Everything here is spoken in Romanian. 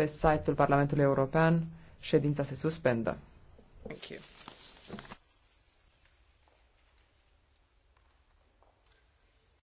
pe site-ul Parlamentului European. Ședința se suspendă. Thank you.